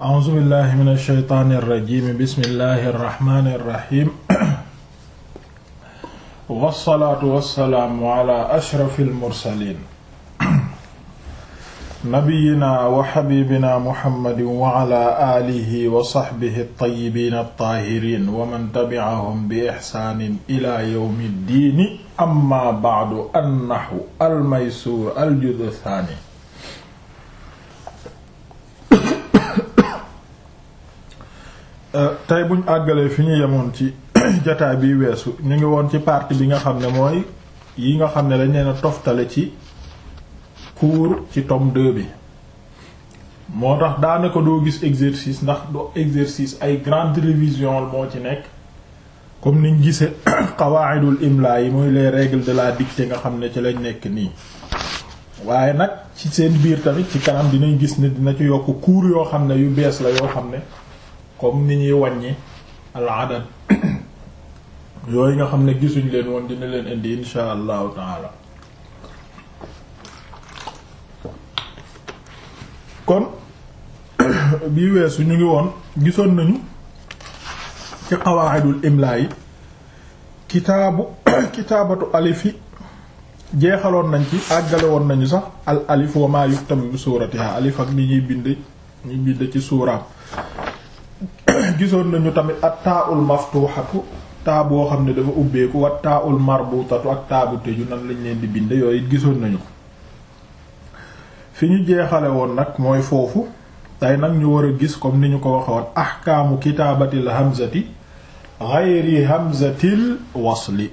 a'uuzu billahi min alsheytaani irrajim bismillahi irrahmani irrahim wassalaatu wassalaamu ala ashrafi almursalin nabiyina wa xabibina muhammadin wa ala aalihi wa saxbihi altayibiina altaahirin wa man tabi'ahum bi ixsaanin ila yawmi ddiini amma ba'du annaxwu almaysuur aljudu saani Euh, tey buñ àggalee fi ñu yemoon ci jataay bi weesu ñu ngi woon ci partie bi nga xam ne mooy yi nga xam ne dañ leen a toftale ci cours ci tom 2 bi moo tax daanaka doo gis exercice ndax do exercice ay grande révision moo ci nekk comme niñ gisee qawaidul imla yi mooy les règles de la dictée nga xam ne ci lañ nekk nii waaye nag ci seen biir tamit ci kanam dinañ gis ne dina ci yokk cours yoo xam ne yu bees la yoo xam ne comme ni ñuy wàññi al adad yooyu nga xam ne gisuñ leen woon dina leen indi insha allahu taala kon bii weesu ñu ngi woon gisoon nañu ci qawaidul imla yi kitaabu kitaabatu alifi jeexaloon nañ ci àggale woon nañu sax al alif wa ma yuktabu bi suuratiha alif ak li ñuy bind ñu bind ci suuraam gisoon nañu tamit ak taaul maftuhatu taa boo xam ne dafa ubbeeku wa taaul marbutatu ak taabu tëju nan lañ leen di bind yooyu it gisoon nañu ko fi ñu jeexale woon nag mooy foofu day nag ñu war a gis comme ni ñu ko waxe woon ahkaamu kitaabatil hamzati ghayri hamzatil wasli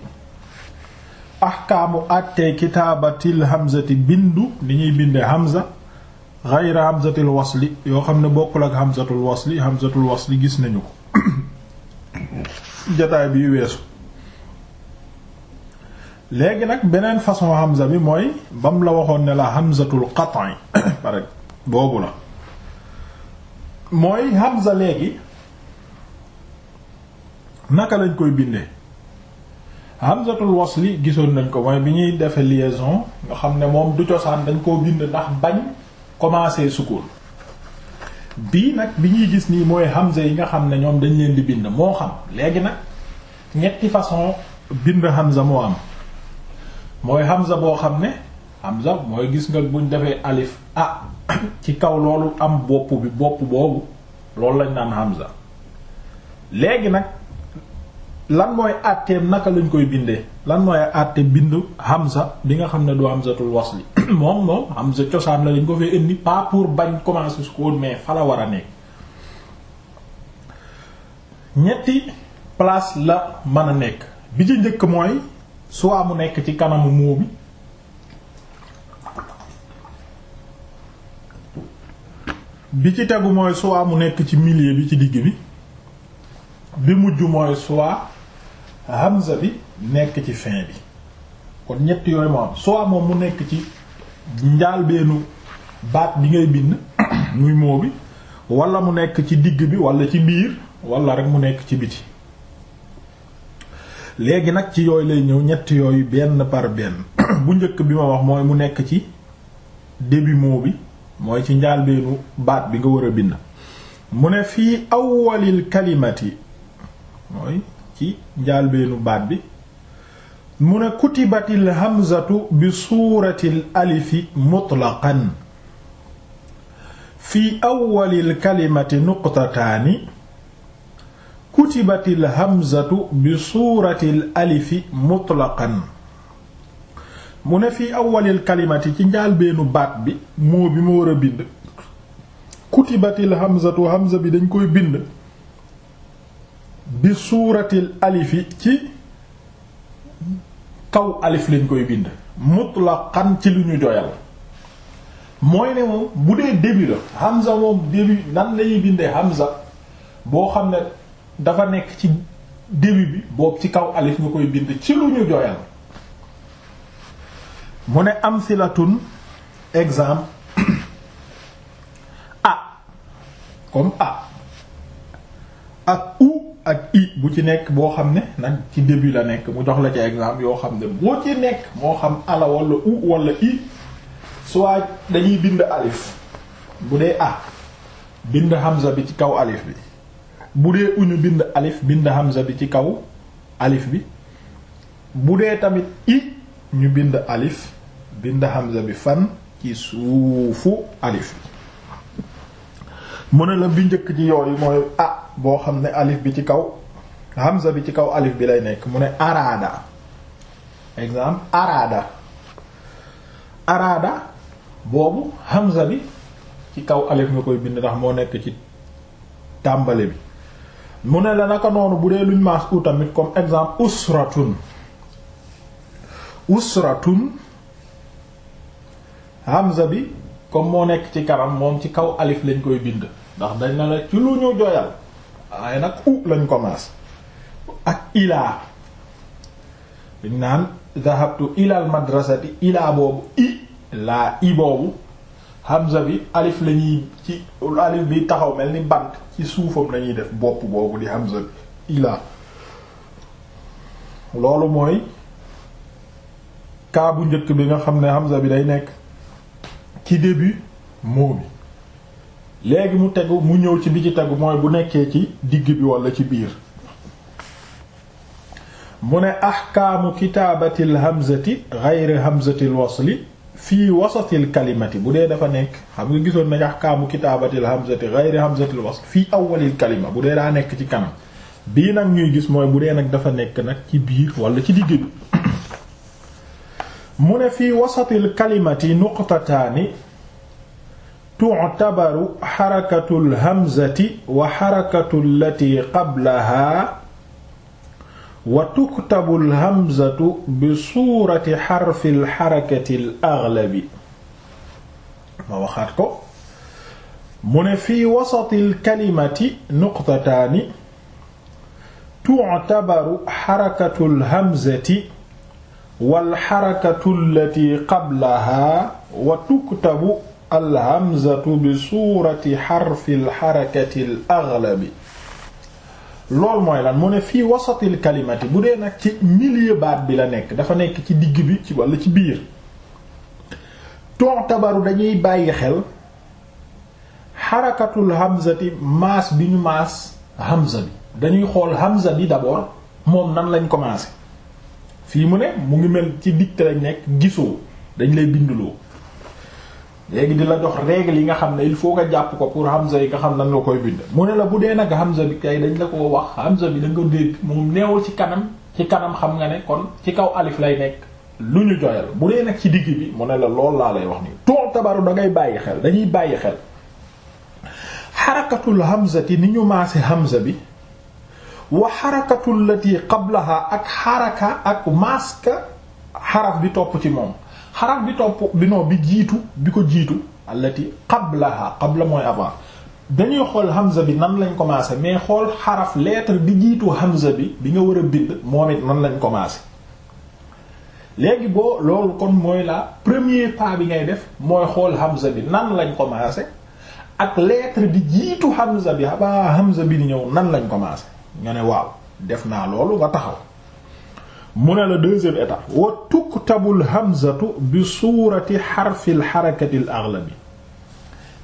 ahkaamu àttee kitaabatil hamzati bindu ni ñuy binde hamza ghayra hamzatil wasli yoo xam ne bokkul ak hamzatul wasli hamzatul wasli gis nañu ko jataay bi weesu léegi nag beneen façon hamza bi mooy bam la waxoon ne la hamzatul qat'i pare boobu la mooy hamza léegi naka lañ koy bindee hamzatul wasli gisoon nañ ko mooy bi ñuy defee liaison nga xam ne moom du cosaan dañ koo bind ndax bañ commencé sukkoon bii nag bi ñuy gis nii mooy hamza yi nga xam ne ñoom dañ leen di bind moo xam léegi nag ñetti façon bind hamza moo am mooy hamza boo xam ne hamza mooy gis nga buñ defee alif ah ci kaw loolu am bopp bi bopp boobu loolu lañ naan hamza léegi nag lan mooy àtteem naka lañ koy bindee lan mooy àtte bind Hamza bi nga xam ne du Hamzatul li moom moom Hamza cosaan la lañ ko fee indi pas pour bañ commencer su ko mais fa la war a nekk ñetti place la mën a nekk bi ci njëkk mooy soit mu nekk ci kanamu moo bi bi ci tegu mooy soit mu nekk ci milieu bi ci digg bi bi mujj mooy soit hamza bi nekk ci fin bi kon ñett yooyu moo am soit moom mu nekk ci njaalbeenu baat bi ngay bind muy moo bi wala mu nekk ci digg bi walla ci biir wala rek mu nekk ci biti léegi nag ci yooyu lay ñëw ñett yooyu benn par benn bu njëkk bi ma wax mooy mu nekk ci début moo bi mooy ci njaalbeenu baat bi nga wër a bind mu ne fii awwalil kalimati mooy ci njaalbeenu baat bi mu ne kutibatil hamzatu bi suuratil alifi mutlaqan mu ne fi awwalil kalimati ci njaalbeenu baat bi moo bi ma war a bind kutibatil hamzatu hamza bi dañ koy bind bi suuratil alifi ci kaw alif lañ koy bind mutlaqan ci lu ñu doyal mooy ne moom bu dee début la Hamza moom début nan lañuy bindee Hamza boo xam ne dafa nekk ci début bi boobu ci kaw alif nga koy bind ci lu ñu doyal mu ne amsilatun exemple a comme a ak u ak i bu ci nekk boo xam ne nag ci début la nekk mu jox la ci exemple yoo xam ne moo ci nekk moo xam ala wala u wala i soit dañuy bind alif bu dee a bind hamza bi ci kaw alif bi bu dee bind alif bind hamza bi ci kaw alif bi bu dee tamit i ñu bind alif bind hamza bi fan ci suufu alif mu ne la bi njëkk ci yooyu mooy a boo xam ne alif bi ci kaw hamza bi ci kaw alif bi lay nekk mu ne araada exemple araada araada boobu hamza bi ci kaw alif nga koy bind ndax moo nekk ci tàmbali bi mu ne la naka noonu bu dee luñ maas u tamit comme exemple usratun usratun hamza bi comme moo nekk ci kanam moom ci kaw alif lañ koy bind ndax dañ ne la ci lu ñu joyal waaye nag u lañ commencé ak ilaa dañ naan dhahabtu ilal madrasati ilaa boobu i laa i boobu hamza bi alif la ci alif bi taxaw mel ni bant ci suufam lañuy def bopp boobu di hamza bi ilaa loolu mooy kaa bu njëkk bi nga xam ne hamza bi day nekk ci début mot bi léegi mu tegu mu ñëw ci bi ci tegu mooy bu nekkee ci digg bi walla ci biir mu ne axkaamu kitaabatil hamzati ghayri hamzatil wasli fii wasatil kalimati bu dee dafa nekk xam nga gisoon nañ axkaamu kitaabatil hamzati ghayri hamzatil wasli fii awwalil kalima bu dee daa nekk ci kanam bii nag ñuy gis mooy bu dee nag dafa nekk nag ci biir walla ci digg bi mu ne fii wasatil kalimati nuqtataani tu'tabaru xarakatul hamzati wa xarakatul lati qablahaa wa tuktabul hamzatu bi suurati xarfil xarakatil aglabi. ma waxaat ko mu ne fii wasatil kalimati nuqtataani tu'tabaru xarakatul hamzati wal xarakatul lati qablahaa wa tuktabu. alhamzatu bi suurati xarfil xarakatil aglabi loolu mooy lan mu ne fii wasatil kalimati bu dee nag ci milieu baat bi la nekk dafa nekk ci digg bi ci walla ci biir ton tabaru dañuy bàyyi xel xarakatul hamzati maas bi ñu maas hamza bi dañuy xool hamza bi d'abord moom nan lañ commencé fii mu ne mu ngi mel ci digte lañ nekk gisoo dañ lay binduloo léegi di la jox règle yi nga xam ne il faut nga jàpp ko pour hamza yi nga xam na nga koy bind mu ne la bu dee nag hamza bi kay dañ la ko wax hamza bi da nga dégg moom neewul ci kanam ci kanam xam nga ne kon ci kaw alif lay nekk lu ñu joyal bu dee nag ci digg bi mu ne la lool laa lay wax nii tool tabaru da bàyyi xel dañuy bàyyi xel xarakatul hamzati ni ñu maase hamza bi wa xarakatul lati qablaha ak xaraka ak maska xaraf bi topp ci moom xaraf bi topp bi non bi jiitu bi ko jiitu allati qablaha qabla mooy avant dañuy xool hamza bi nan lañ commencé mais xool xaraf lettre bi jiitu hamza bi bi nga war a bind moom it nan lañ commencé léegi boo kon mooy la premier pas bi ngay def mooy xool hamza bi nan lañ commencé ak lettre di jiitu hamza bi abaa hamza bi di ñëw nan lañ commencé nga ne waaw def naa loolu nga taxaw mu ne la deuxième étape wa tuktabul hamzatu bi suurati xarfil xarakati al aghlabi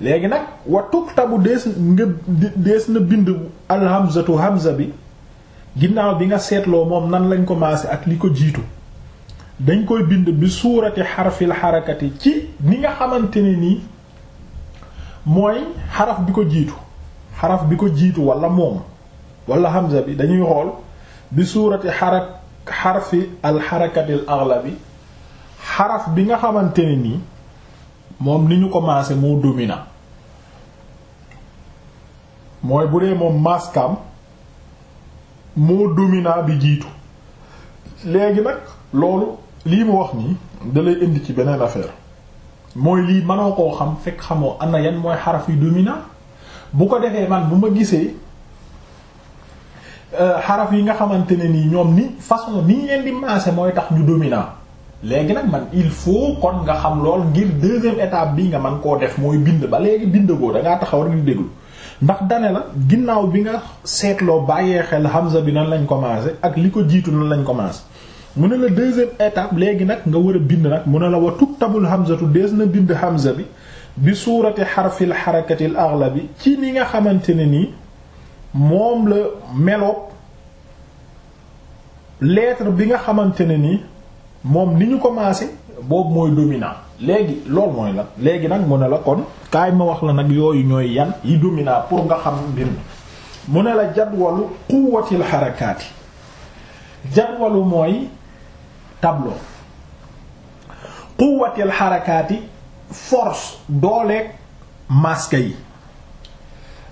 léegi nag wa tuktabu dees nga dees na bind al hamzatu hamza bi ginnaaw bi nga seetloo moom nan lañ ko maase ak li ko jiitu dañ koy bind bi suurati xarfil xarakati ci ni nga xamante ne nii mooy xaraf bi ko jiitu xaraf bi ko jiitu walla moom wala hamza bi dañuy xool bi suurati xarak xarfi alxarakatil bi xaraf bi nga xamante ne nii moom ni ñu commencé moo dominant mooy bu dee moom maskam moo dominant bi jiitu léegi nag loolu lii mu wax nii dalay indi ci beneen affaire mooy lii mënoo koo xam fekk xamoo ana yan mooy xaraf yu dominant bu ko defee man bu ma gisee Euh, xaraf yi nga xamante ne nii ñoom ni façon ni ñu leen di maase mooy tax ñu dominant léegi nag man il faut kon nga xam lool ngir deuxième étape bi nga man koo def mooy bind ba léegi bind boo dangaa taxaw a di déglu ndax dane la ginnaaw bi nga seetloo bàyyee xel Hamza bi nan lañ commencé ak li ko jiitu nan lañ commencé mu ne la deuxième étape léegi nag nga war a bind nag mu ne la wa tuktabul Hamzatu dees na bind Hamza bi bi suurati xarfil xarakati al bi ci ni nga xamante ne nii moom la melo lettre bi nga xamante ne ni moom ni ñu commencé boobu mooy dominant léegi loolu mooy la léegi nag mu ne la kon kaay ma wax la nag yooyu ñooy yan yi dominant pour nga xam mbir mu ne la jadwalu quwwatil xarakaati jadwalu mooy tableau quwwatil xarakaati force dooleeg masque yi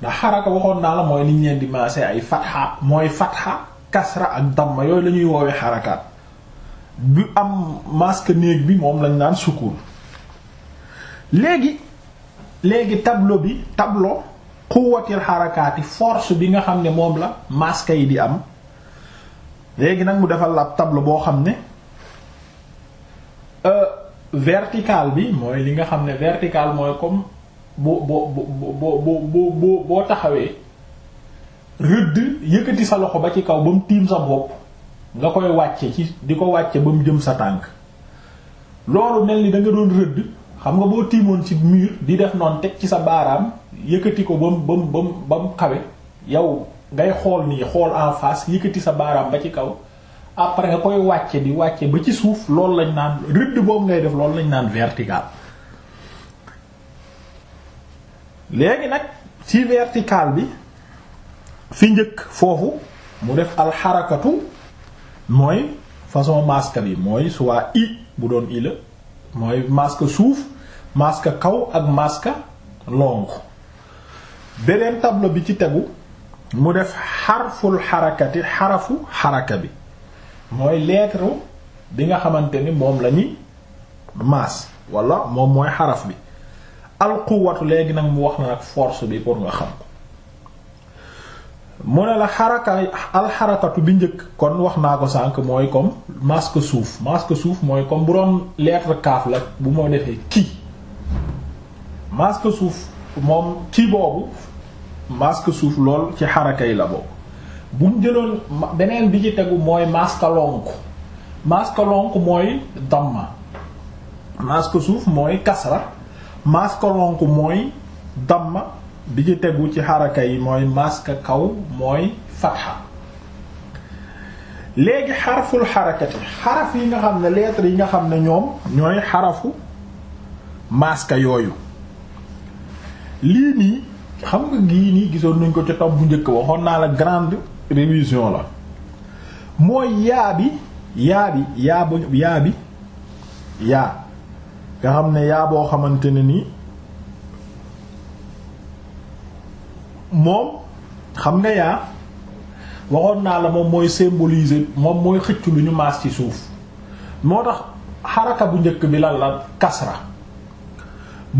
ndax xaraka waxoon naa la mooy liñ leen di maase ay fatxa mooy fatxa kasra ak damma yooyu lañuy ñuy woowee xarakaat bu am masque néeg bi moom lañ naan sukkur léegi léegi tableau bi tableau quwwatil xarakaati force bi nga xam ne moom la masque yi di am léegi nag mu defal la ab tableau boo xam ne euh, vertical bi mooy li nga xam ne vertical mooy comme boo boo boo boo boo boo taxawee rëdd yëkkati sa loxo ba ci kaw ba mu tiim sa bopp nga koy wàcce ci di ko wàcce ba mu jëm sa tànk loolu mel ni da nga doon rëdd xam nga boo tiimoon ci mur di def noon teg ci sa baaraam yëkkati ko ba mu ba mu ba mu ba yow ngay xool nii xool en face yëkkati sa baaraam ba ci kaw après nga koy wàcce di wàcce ba ci suuf loolu lañ naan rëdd boobu ngay def loolu lañ naan vertical léegi nag ci vertical bi fi njëkk foofu mu def alxarakatu mooy façon masque bi mooy soit i bu doon i mooy masque suuf masque kaw ak masque long beneen tableau bi ci tegu mu def xarful xarakati xarafu xaraka bi mooy lettre bi nga xamante ni moom la ñuy maas wala moom mooy xaraf bi al léegi nag mu wax na nag force bi pour nga xam mu ne la xaraka alxarakatu bi njëkk kon wax naa ko sànq mooy comme masque suuf masque suuf mooy comme bu doon lettre kaaf la bu moo defee kii masque suuf moom kii boobu masque suuf lool ci xaraka yi la boobu bu jëloon beneen bi ci tegu mooy masque lonk masque lonk mooy damma masque suuf mooy kasra maskalonku mooy damma bi ci tegu ci xaraka yi mooy maska kaw mooy fatxa léegi xaraful xarakati xaraf yi nga xam ne lettres yi nga xam ne ñoom ñooy xarafu maska yooyu lii nii xam nga gii nii gisoon nañ ko ci tom bu njëkk waxoon naa la grande révision la mooy yaa bi yaa bi yaa bu bi yaa nga xam ne yaa boo xamante ne ni moom xam nga yaa waxoon naa la moom mooy symboliser moom mooy xëcc lu ñu maas ci suuf moo tax xaraka bu njëkk bi lan la kasra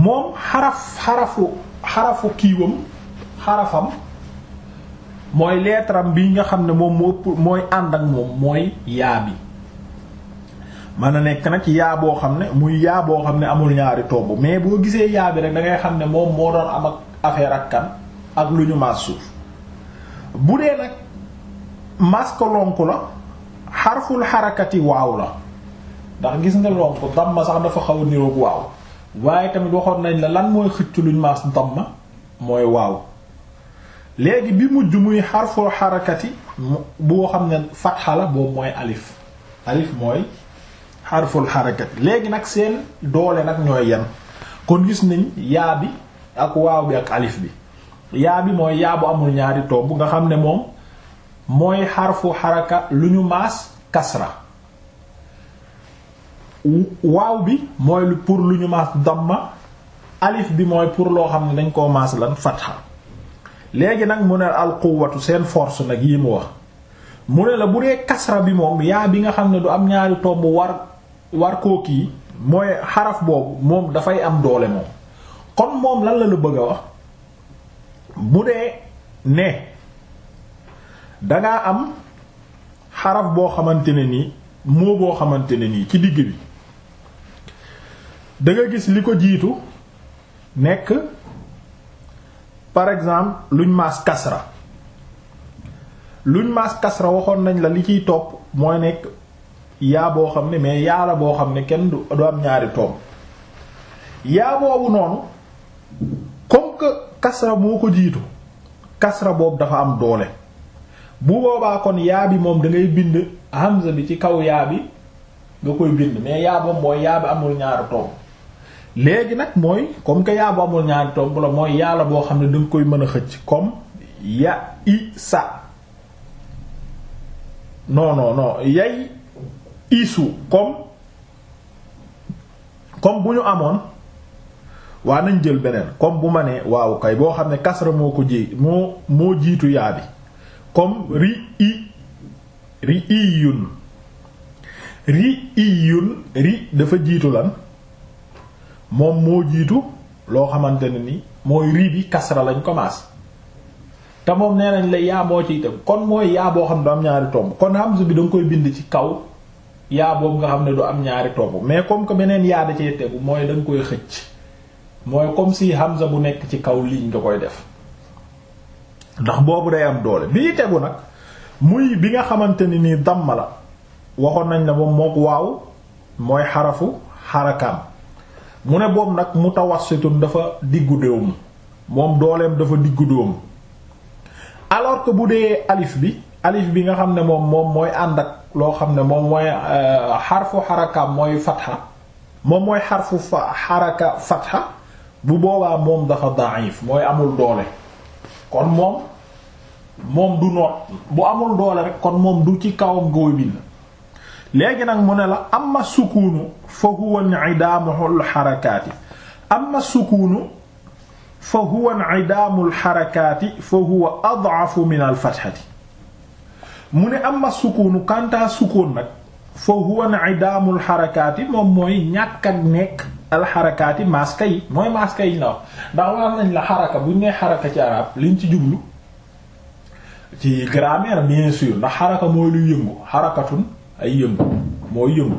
moom xaraf xarafu xarafu kiiwam xarafam mooy leetaram bi nga xam ne moom moo mooy ànd ak moom mooy yaa bi mën a nekk nag yaa boo xam ne muy yaa boo xam ne amul ñaari tomb mais boo gisee yaa bi rek da ngay xam ne moom moo doon am ak affaire ak kan ak lu ñu maas suuf bu dee nag maas ko lonk la xarful xarakati waaw la ndax gis nga lonk damma sax dafa xaw a niroog waaw waaye tamit waxoon nañ la lan mooy xëcc luñ maas damma mooy waaw léegi bi mujj muy xarful xarakati boo xam ne fatxa la boobu mooy alif alif mooy xarful xarakat léegi nag seen doole nag ñooy yem kon gis nañ yaa bi ak waaw bi ak alif bi yaa bi mooy yaa bu amul ñaari tomb nga xam ne moom mooy xarfu xaraka lu ñu maas kasra waaw bi mooy pour lu ñu maas ma alif bi mooy pour loo xam ne dañ koo maas lan fatxa léegi nag mu ne alquwatu seen fors nag yi mu wax mu ne la bu dee kasra bi moom yaa bi nga xam ne du am ñaari tomb war war koo mooy xaraf boobu moom dafay am doole moom kon moom lan la la bëgg a wax bu dee ne dangaa am xaraf boo xamante ne nii moo boo xamante ne nii ci digg bi da gis li ko jiitu nekk par exemple luñ mas kasra luñ mas kasra waxoon nañ la li ciy topp mooy nekk yaa boo xam ne mais yaa boo xam ne kenn du am ñaari tomb yaa boobu noonu comme que kasra moo ko jiitu kasra boobu dafa am doole bu boobaa kon yaa bi moom da bind hamza bi ci kaw yaa bi nga koy bind mais yaa boobu mooy yaa amul ñaari tomb léegi nag mooy comme que yaa bu amul ñaari tomb la mooy yaa boo xam ne danga koy mën a xëcc comme ya i sa non non non yay isu comme comme bu ñu amoon waa nañ jël beneen comme bu ma nee waaw kay boo xam ne kasra moo ko ji moo moo jiitu yaa bi comme ri i yun ri dafa jiitu lan moom moo jiitu loo xamante ne ni mooy ri bi kasra lañ commencé te moom nee nañ la yaa moo ci teg kon mooy yaa boo xam ne am ñaari tomb kon hamza bi da nga koy bind ci kaw yaa boobu nga xam ne du am ñaari topp mais comme que beneen yaa da cee tegu mooy da nga koy xëcc mooy comme si Hamza bu nekk ci kaw ligne nga koy def ndax boobu day am doole bii tegu nag muy bi nga xamante ni nii damma la waxoon nañ la moom mook waaw mooy xarafu xarakaam mu ne boobu nag mutawassitun dafa diggu dóomu moom dooleem dafa diggu dóomu alors que bu dee alif bi alif bi nga xam ne moom moom mooy ànd ak loo xam ne moom mooy euh, xarfu xarakaam mooy fatxa moom mooy xarfu fa xaraka fatxa bu boobaa moom dafa da'if mooy amul doole kon moom moom du noot bu amul doole kon moom du ci kawam góoy bind léegi nag mu ne la amma sukuunu fa huwa i'daamuhul xarakaati amma sukuunu fa huwa i'daamul xarakaati fa huwa ad'afu min al fatxati mu ne am amma sukuunu kanta sukoon nag fa ay daamul xarakaati moom mooy ñàkk a nekk alxarakaati maska yi mooy maska yi ndax wax nañ la xaraka buñ nee xaraka ci arab liñ ci jublu ci grammaire bien ndax xaraka mooy lu yëngu xarakatun ay yëngu mooy yëngu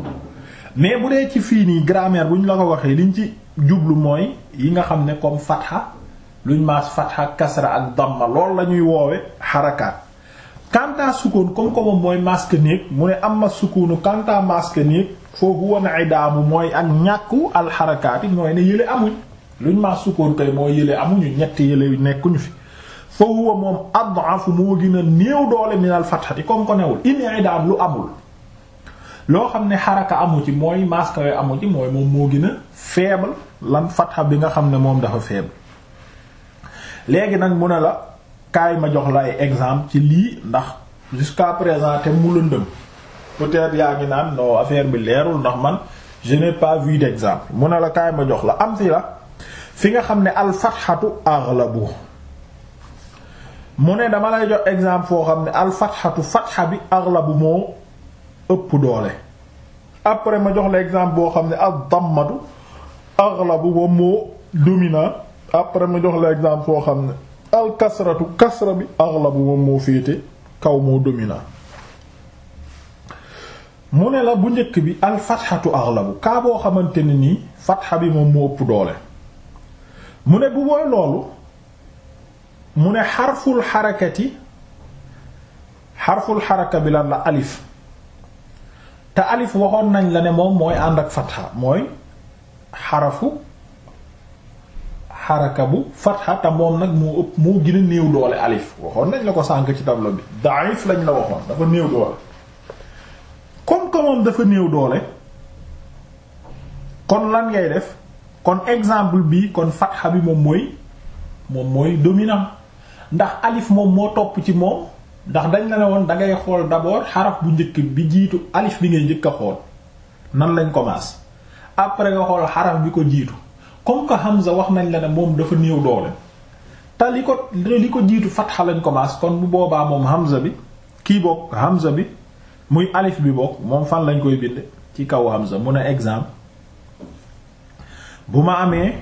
mais bu dee ci fii nii grammaire buñ la ko waxee liñ ci jublu mooy yi nga xam ne comme fatxa luñ maas fatxa kasra ak damma loolu la ñuy woowe xarakaat kanta sukkoon comme comme mooy masque néeg mu ne am ma sukkoonu kanta masque néeg foofu wane ay daamu mooy ak ñàkku alxarakaati mooy ne yële amuñ luñ ma sukkoon kay mooy yële amuñu ñett yële nekkuñu fi foo huwa moom ad'afu moo gën a néew doole minal fathati comme ko newul inidaam lu amul loo xam ne xaraka amu ci mooy masque yooyu amu ci mooy moom moo gën a faible lan fatha bi nga xam ne moom dafa faible léegi nag mu ne la kaay ma jox lay exemple ci lii ndax jusqu'à présent te mu lëndëm peut-être yaa ngi naan non affaire bi leerul ndax man je n'ai pas vu d'exemple mu ne la kaay ma jox la am si la fi nga xam ne alfatxatu aghlabu mu ne dama lay jox exemple foo xam ne alfatxatu fatxa bi aghlabu moo ëpp doole après ma jox la exemple boo xam ne ad-dammatu aghlabu ba moo dominant après ma jox la exemple foo xam ne al kasratu kasra bi aghlabu moom moo féete kaw moo dominant mu ne la bu njëkk bi al fatxatu aghlabu kaa boo xamante ni nii fatxa bi moom moo ëpp doole mu ne bu booy loolu mu ne xarful xarakati xarful xaraka bi lan la alif te alif waxoon nañ la ne moom mooy ànd ak fatxa mooy xarafu xaraka bu fatxa te moom nag moo ëpp moo gën néew doole alif waxoon nañ la ko sànk ci tableau bi daif lañ la waxoon dafa néew doole comme que moom dafa néew doole kon lan ngay def kon exemple bi kon fatxa bi moom mooy moom mooy dominant ndax alif moom moo topp ci moom ndax dañ la ne woon da ngay xool d'abord xaraf bu njëkk bi jiitu alif bi ngay njëkk a xool nan lañ commence après nga xool xaral bi ko jiitu comme que Hamza wax nañ la ne moom dafa néew doole te li ko li ko jiitu fatxa lañ commencé kon bu boobaa moom Hamza bi kii bokk Hamza bi muy alif bi bokk moom fan lañ koy bind ci kaw Hamza mu ne exemple bu ma amee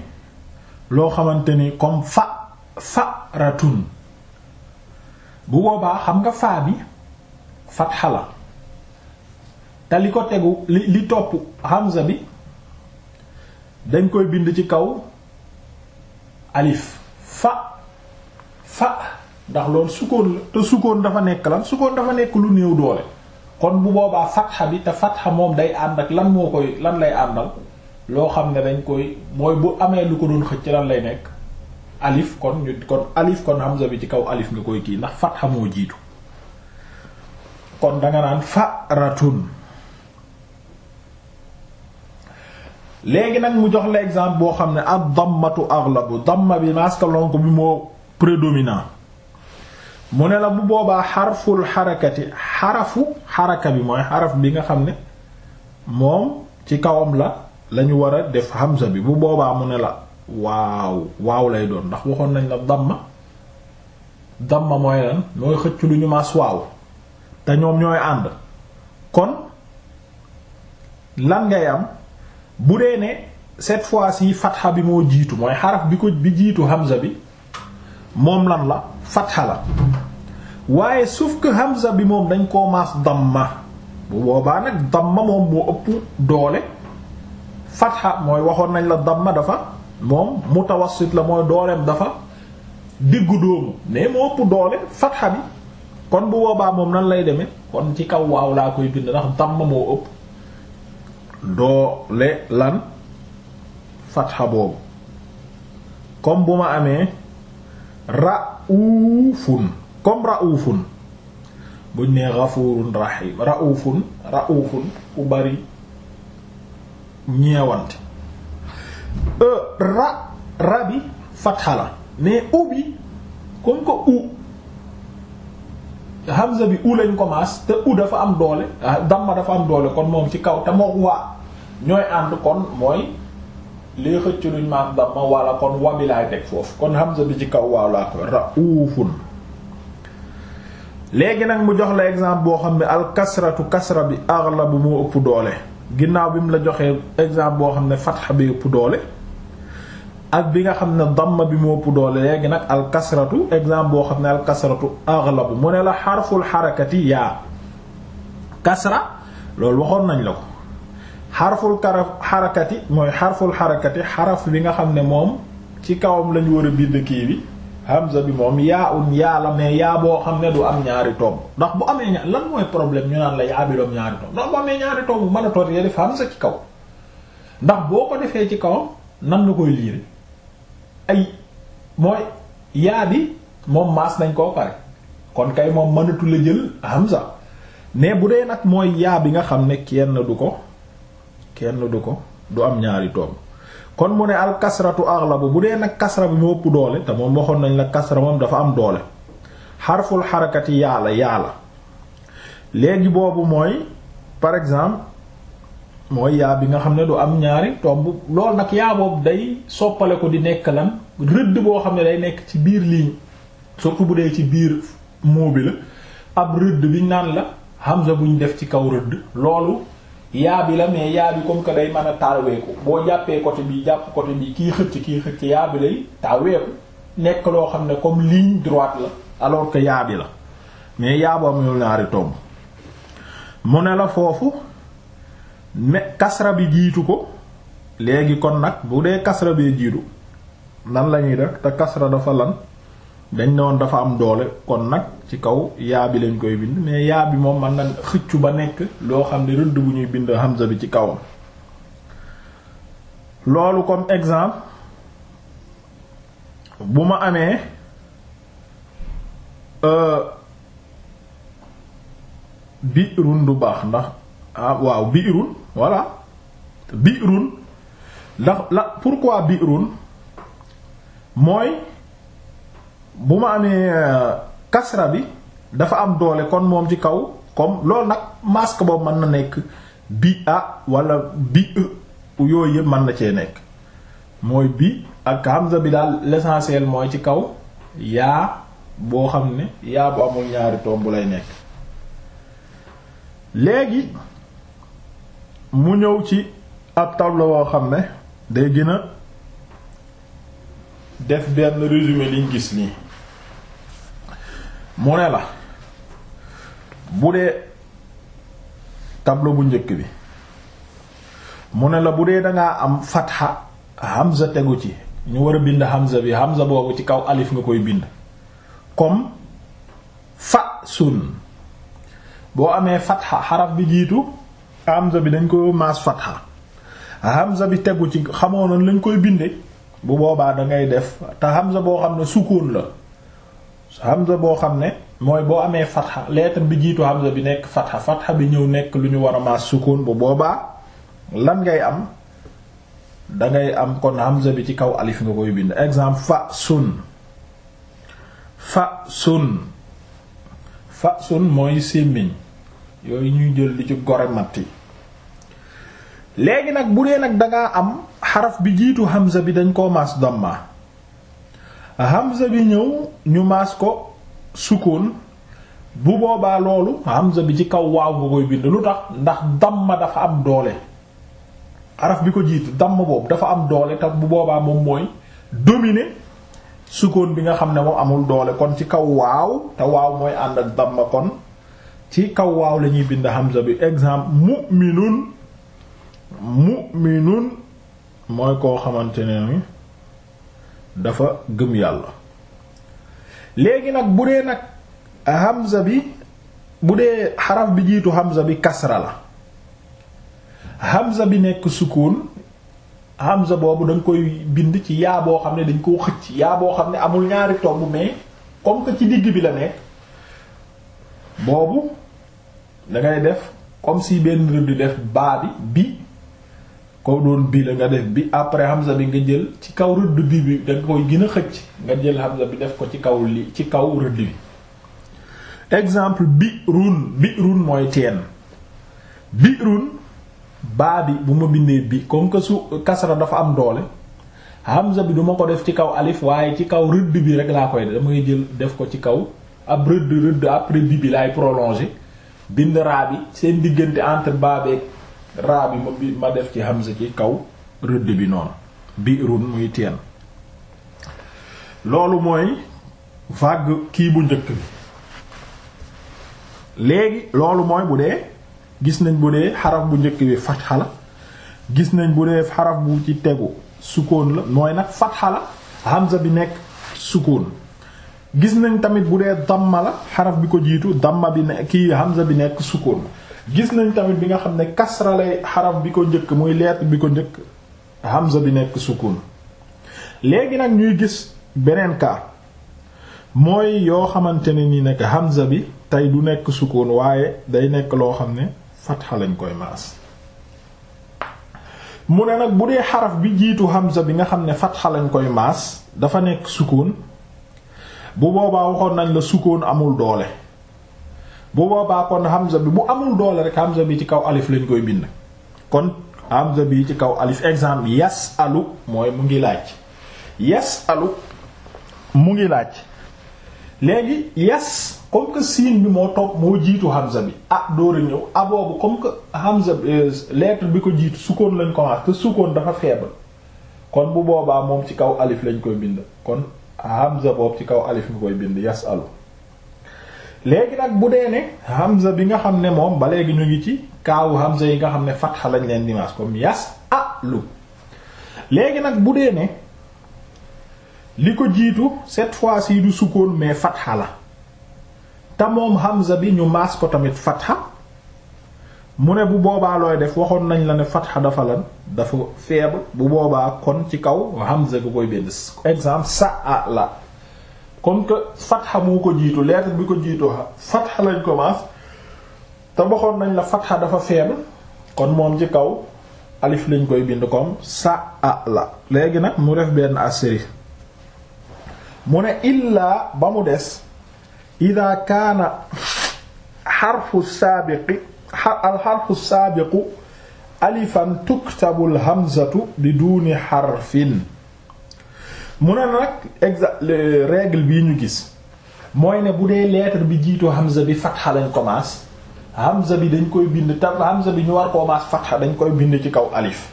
loo xamante ni comme fa fa ratun bu boobaa xam nga faa bi fatxa la te li ko tegu li li topp Hamza bi dañ koy bind ci kaw alif fa fa ndax loolu sukkoon te sukkoon dafa nekk lan sukkoon dafa nekk lu néew doole kon bu boobaa fatxa bi te fatxa moom day ànd ak lan moo koy lan lay àndal loo xam ne dañ koy mooy bu amee lu ko doon xëcc lan lay nekk alif kon ñu kon alif kon hamza bi ci kaw alif nga koy kii ndax fatxa moo jiitu kon danga naan fa ratun léegi nag mu jox la exemple boo xam ne ad dammatu aghlabu damma bi maskalon ko bi moo prédominant mu ne la bu boobaa xarful xarakati xarafu xaraka bi mooy xaraf bi nga xam ne moom ci kawam la lañu war a def hamza bi bu boobaa mu ne la waaw waaw lay doon ndax waxoon nañ la damma damma mooy lan mooy xëcc lu ñu mas waaw te ñoom ñooy ànd kon lan ngay am bu dee ne cette fois-ci fatxa bi moo jiitu mooy xaraf bi ko bi jiitu xamsa bi moom lan la fatxa la waaye sauf que hamza bi moom dañ koo maas ma bu boobaa nag damma moom moo ëpp doole fatxa mooy waxoon nañ la damma dafa moom mutawassit la mooy dooleem dafa diggu dóomu mais moo ëpp doole fatxa bi kon bu boobaa moom nan lay demee kon ci kaw waaw laa koy bind ndax damma moo ëpp doole lan fatxa boobu comme bu ma amee ra'uufun comme ra'uufun buñ nee ghafurun rahim ra ra bi fatxa la mais u comme que u hamza bi u lañ commence te u dafa am doole ah, damma dafa am doole kon moom ci kaw te moom waa ñooy ànd kon mooy lee xëcc luñ maak damma wala kon wabi laay teg foofu kon hamza bi ci kaw waaw laa ko raufun léegi nag mu jox la exemple boo xam ne alkasratu kasra bi bu mu ëpp doole ginnaaw bi mu la joxee exemple boo xam ne fatha bi ëpp doole ak bi nga xam ne damma bi mu ëpp doole léegi nag alkasratu exemple boo xam ne alkasratu aghlabu mu ne la xarful xarakati yaa kasra loolu waxoon nañ la ko xarful kara xarakati mooy xarful xarakati xaraf bi nga xam ne moom ci kawam lañu war a bind kii bi hamza bi moom yaa un yaa la mais yaa boo xam ne du am ñaari tomb ndax bu amee ñaar lan mooy problème ñu naan la yaa bi du ñaari tomb ndax bu amee ñaari tomb mën a toot ya def hamza ci kaw ndax boo ko defee ci kawam nan nga koy liire ay mooy yaa bi moom maas nañ koo pare kon kay moom mënatu la jël hamza mais bu dee nag mooy yaa bi nga xam ne kenn du ko kenn du ko du am ñaari tomb kon mu ne al kasratu aghlabu bu dee nag kasra bi mu ëpp doole te moom waxoon nañ la kasra moom dafa am doole xarful xarakati yaa la yaa la léegi boobu mooy par exemple mooy yaa bi nga xam ne du am ñaari tomb loolu nag yaa boobu day soppale ko di nekk lan rëdd boo xam ne day nekk ci biir ligne surtout bu dee ci biir mot bi la ab rëdd bi naan la hamza buñ def ci kaw rëdd loolu yaa bi la mais yaa bi comme que day mën boo jàppee côté bi jàpp côté bi kii xëcc kii xëcc yaa bi nekk loo xam ne comme ligne droite la bi la mais yaa boobu ñaari tomb mu ne la foofu. mais kasra bi jiitu ko léegi kon nag bu dee kasra bee jiitu nan la ñuy def te kasra dafa lan dañ ne woon dafa am doole kon nag ci kaw yaa bi lañ koy bind mais yaa bi moom man na xëccu ba nekk loo xam ne rëdd bu ñuy bind hamza bi ci kawam loolu comme exemple bu ma amee euh, bi rundu baax ndax ah waaw biirun voilà biirun ndax la bi biirun mooy bu ma amee euh, kasra bi dafa am doole kon moom ci kaw comme loolu nag masque boobu mën na nekk bi a wala bi yooyu yëpp mën na cee nekk mooy bi ak hamza bi daal l'essentiel mooy ci kaw yaa boo xam ne yaa bu amul ñaari tomb lay nekk léegi mu ñëw ci ab tableau woo xam ne day gën def benn résumé liñ gis nii mu ne la bu dee tableau bu njëkk bi mu ne la bu dee dangaa am fatxa hamza tegu ci ñu war a bind hamza bi hamza boobu ci kaw alif nga koy bind comme fa sun boo amee fatxa xaraf bi jiitu hamza bi dañ koy maas fatha hamza bi tegu ci xamoo noonu lañ koy bindee bu boobaa dangay def te hamza boo xam ne sukkoon la hamza boo xam ne mooy boo amee fatha lettre bi jiitu hamza bi nekk fatha fatha bi ñëw nekk lu ñu war a maas sukkoon bu boobaa lan ngay am dangay am kon hamza bi ci kaw alif nga koy bind exemple fa sun fa sun fa sun mooy sémmiñ yooyu ñuy jël di ci gore matti léegi nag bu dee nag dangaa am xaraf bi jiitu hamza bi dañ koo maas damma hamza bi ñëw ñu maas ko sukkoon bu boobaa loolu hamza bi ci kaw waaw nga koy bind lu tax ndax damma dafa am doole xaraf bi ko jiit damma boobu dafa am doole te bu boobaa moom mooy domine sukkoon bi nga xam ne moom amul doole kon ci kaw waaw te waaw mooy ànd ak damma kon ci kaw waaw lañuy ñuy bind hamza bi exemple mu'minun mu'minun mooy koo xamante ne ni dafa gëm yàlla léegi nag bu dee nag hamza bi bu dee xaraf bi jiitu hamza bi kasra la hamza bi nekk sukun hamza boobu dañ koy bind ci yaa boo xam ne dañ koo xëcc yaa boo xam ne amul ñaari tomb mais comme que ci digg bi la nekk boobu dangay def comme si benn rëdd di def baa bi bi ko doon bii la nga def bi après hamza bi nga jël ci kaw rëdd bi bi danga koy gën a xëcc nga jël hamza bi def ko ci kaw li ci kaw rëdd bi exemple bi'run bi'run mooy teen bi'run baa bi bu ma bindee bi comme que su kasra dafa am doole hamza bi duma ko def ci kaw alif waaye ci kaw rëdd bi rek laa koy dama ngay jël def ko ci kaw ab rëdd rëdd après bi bi laay prolonger bind raa bi seen diggante entre baa beek raa bi ma bi ma def ci hamza ci kaw rëdd bi noonu biirun muy teen loolu mooy vague kii bu njëkk bi léegi loolu mooy bu dee gis nañ bu dee xaraf bu njëkk bi fatxa gis nañ bu dee xaraf bu ci tegu sukkoon la mooy nag fatxa la hamza bi nekk sukkoon gis nañ tamit bu dee damma la xaraf bi ko jiitu damma bi ne kii hamza bi nekk sukkoon gis nañ tamit bi nga xam ne kasra lay xaraf bi ko njëkk muy lettre bi ko njëkk hamza bi nekk sukun léegi nag ñuy gis beneen cas mooy yoo xamante ne ni nekk hamza bi tey du nekk sukun waaye day nekk loo xam ne fatxa koy maas mu ne nag bu dee xaraf bi jiitu hamza bi nga xam ne fatxa lañ koy maas dafa nekk sukun bu boobaa waxoon nañ la sukun amul doole bu boobaa kon hamza bi bu amul doole rek hamza bi ci kaw alif lañ koy bind kon hamza bi ci kaw alif exemple yas mooy mu ngi laaj yas alu mu léegi yas comme que bi moo topp moo jiitu hamza bi ah door ñëw ah comme que hamza euh, lettre bi ko jiitu sukkoon lañ commencé te dafa faible kon bu boobaa moom ci kaw alif lañ koy bind kon hamza boobu ci kaw alif koy bind yas alu léegi nag bu dee ne Hamza bi nga xam ne moom ba léegi ñu ngi ci kaawu Hamza yi nga xam ne fatxa lañ leen dimaas comme yaas a lu léegi nag bu dee ne li ko jiitu set fois yi du sukkoon mais fatxa la te moom Hamza bi ñu maas ko tamit fatxa mu ne bu boobaalooy def waxoon nañ la ne fatxa dafa lan dafa faible bu boobaa kon ci kaw Hamza bi koy benn exemple sa a la comme que fatxa moo ko jiitu lettre bi ko jiitu fatxa lañ commence te waxoon nañ la fatxa dafa faible kon moom ci kaw alif lañ koy bind comme sa la léegi nag mu def benn astérisque mu ne illaa ba mu des ida kaana xarfu saabiqi al xarfu saabiqu alifan tuktabu al hamzatu bi duuni xarfin mu ne nag exa règle bii ñu gis mooy ne bu dee lettre bi jiitu Hamza bi fatxa lañ ko maas Hamza bi dañ koy bind tam Hamza bi ñu war koo maas fatxa dañ koy bind ci kaw alif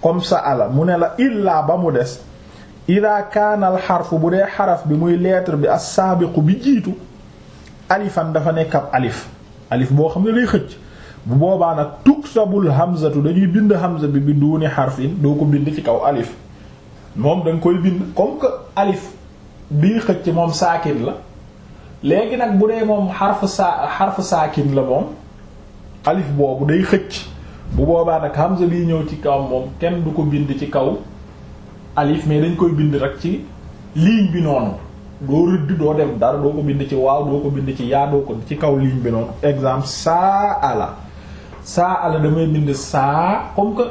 comme sa ala mu ne la illaa ba mu des ida kaana al xarfu bu dee xaraf bi muy lettre bi as-saabiqu bi jiitu alifan dafa nekk ab alif alif boo xam ne day xëcc bu boobaa nag tuksabul hamzatu dañuy bind Hamza bi bi duuni xarfin doo ko bind ci kaw alif moom da nga koy bind comme que alif bii xëcc moom saakin la léegi nag bu dee moom xarfu saa xarfu saakin la moom alif boobu day xëcc bu boobaa nag hamza bii ñëw ci kaw moom kenn du ko bind ci kaw alif mais dañ koy bind rek ci ligne bi noonu doo rëdd doo dem dara doo ko bind ci waaw doo ko bind ci yaa doo ko ci kaw ligne bi noonu exemple saa ala saa ala damay bind saa comme que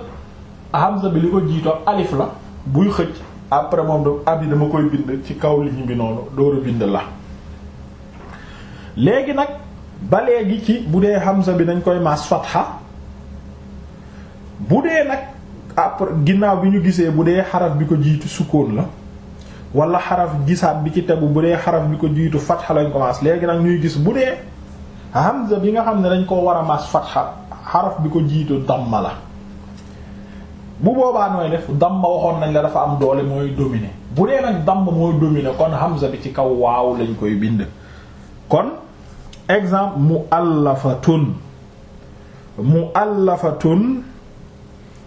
hamza bi li ko jiitoo alif la buy xëcc après moom da ab yi dama koy bind ci kaw ñu bi noonu door bind la léegi nag ba léegi ci bu dee hamza bi dañ koy maas fatha bu dee nag après ginnaaw bi ñu gisee bu dee xaraf bi ko jiitu sukkoon la walla xaraf gisaat bi ci tegu bu dee xaraf bi ko jiitu fatha lañ ko maas léegi nag ñuy gis bu dee hamza bi nga xam ne dañ koo war a maas fatha xaraf bi ko jiitu damma la bu boobaa nooy def damma waxoon nañ la dafa am doole mooy dominer bu dee nag damma mooy dominer kon hamza bi ci kaw waaw lañ koy bind kon exemple muallafatun muallafatun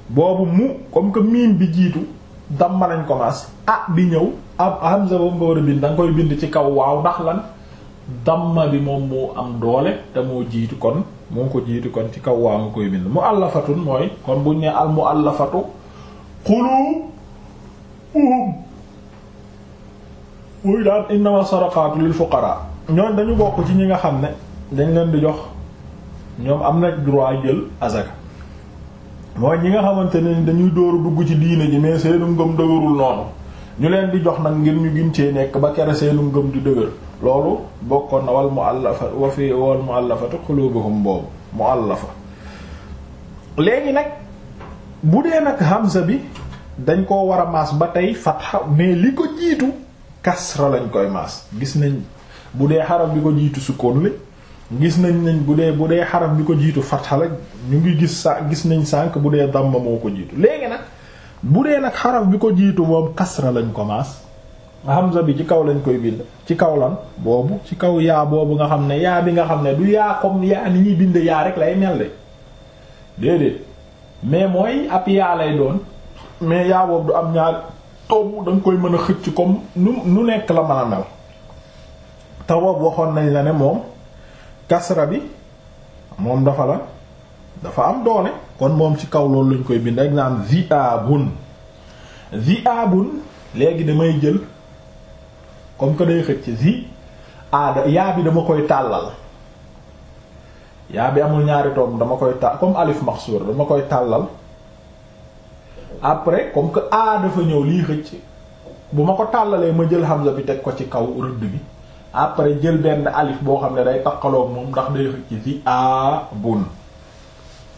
boobu mu comme que miin bi jiitu damma lañ commencé ah bi ñëw ab hamza boobu nga war a bind da koy bind ci kaw waaw ndax lan damma bi moom moo am doole te moo jiitu kon moo ko jiitu kon ci kaw waa mu koy bind muallafatun mooy kon bu ne al muallafatu qulubuhum muy daan innama sadaqatu lil fuqara ñooñ dañu bokk ci ñi nga xam ne dañ leen di jox ñoom am na droit jël azaka mooy ñi nga xamante ne dañuy dóoru dugg ci diine ji mais seenu ngëm dëgërul noonu ñu leen di jox nag ngir ñu gin cee nekk ba kere seenu ngëm di dëgër loolu bokkoon na wal mu'allafa wa fi wal mu'allafati qulubuhum boobu mu'allafa léegi nag bu dee nag xamsa bi dañ koo war a maas ba tey fatha mais li ko jiitu kasra lañ koy maas gis nañ bu dee xaraf bi ko jiitu sukkoon la gis nañ nañ bu dee bu dee xaraf bi ko jiitu fatha la ñu ngi gis sa gis nañ sànq bu dee damma moo ko jiitu léegi nag bu dee nag xaraf bi ko jiitu moom kasra lañ ko maas hamza bi ci kaw lañ koy bind ci kaw lan boobu ci kaw yaa boobu nga xam ne yaa bi nga xam ne du yaa comme yaa ni ñuy bind yaa rek lay mel de déedéet mais mooy ab yaa lay doon mais yaa boobu du am ñaar tomb da koy mën a xëcc kom nu nekk la mën te boobu waxoon nañ la ne moom kasra bi moom dafa la dafa am doone kon moom ci kaw loolu lañ koy bind rek naan zi'abun zi'abun léegi damay jël comme que day xëcc zi aada yaa dama koy tàllal yaa bi amul ñaari doom dama koy tàll comme alif maxsuur dama koy tàllal après comme que a fa ñëw lii xëcc bu ma ko tàllalee ma jël hamza bi teg ko ci kaw rëdd bi après jël benn alif boo xam ne day taqaloo moom ndax day xëcc ci a bun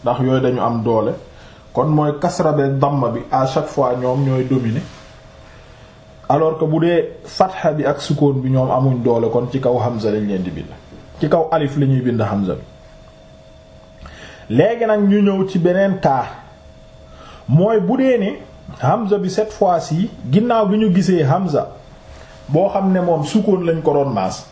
ndax yooyu dañu am doole kon mooy kasra be damma bi à chaque fois ñoom ñooy dominer alors que bu dee fatxa bi ak sukkoon bi ñoom amuñ doole kon ci kaw hamza lañ leen di bind ci kaw alif la ñuy bind hamza bi léegi nag ñu ñëw ci beneen cas mooy bu dee ne hamza bi cette fois-ci ginnaaw bi ñu gisee hamza boo xam ne moom sukkoon lañ ko doon maas